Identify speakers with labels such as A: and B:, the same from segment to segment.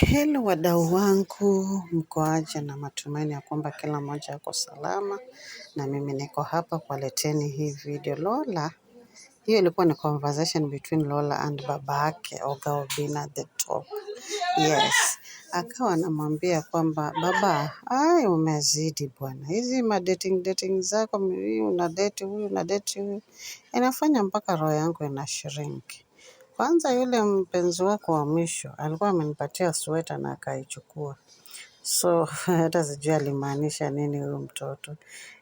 A: Hello wadau wangu, mko aje? Na matumaini ya kwamba kila mmoja yuko salama, na mimi niko hapa kuwaleteni hii video. Lola, hiyo ilikuwa ni conversation between Lola and babake Oga Obinna the top. Yes, akawa anamwambia kwamba baba, ai, umezidi bwana, hizi madating dating zako, una date huyu una date huyu, inafanya mpaka roho yangu ina shrink kwanza yule mpenzi wako wa mwisho, alikuwa amenipatia sweta na akaichukua. So, hata sijui alimaanisha nini huyu mtoto.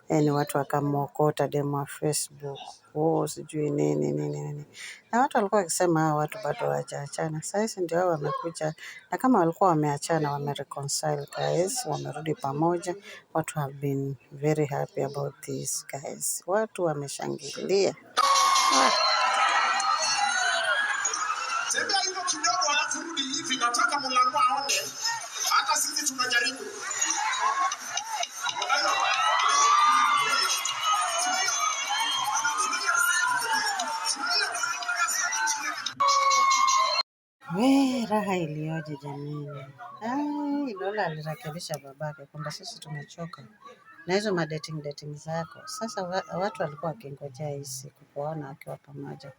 A: Yani eh, watu wakamwokota demo wa Facebook. Oh, sijui nini, nini, nini. Na watu walikuwa wakisema hawa watu bado wajaachana sahizi ndio hao wamekuja. Na kama walikuwa wameachana, wamereconcile guys, wamerudi pamoja. Watu have been very happy about this guys. Watu wameshangilia. Ah tembea hivyo kidogo, alafu rudi hivi. Nataka mlango aone, hata sisi tunajaribu. We, eh, raha iliyoje jamani! Ah, Lola alirekebisha babake kwamba sisi tumechoka na hizo madating dating zako. Sasa watu walikuwa wakingojea hii siku kuwaona wakiwa pamoja,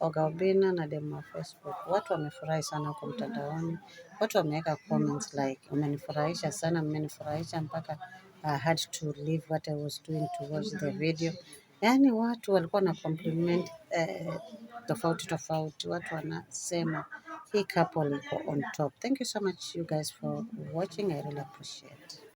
A: Oga Obinna na demu wa Facebook. Watu wamefurahi sana huko mtandaoni, watu wameweka comments like umenifurahisha sana, mmenifurahisha mpaka I uh, had to leave what I was doing to watch the video. Yaani watu walikuwa na compliment eh, tofauti tofauti, watu wanasema hii couple iko on top. Thank you so much you guys for watching. I really appreciate.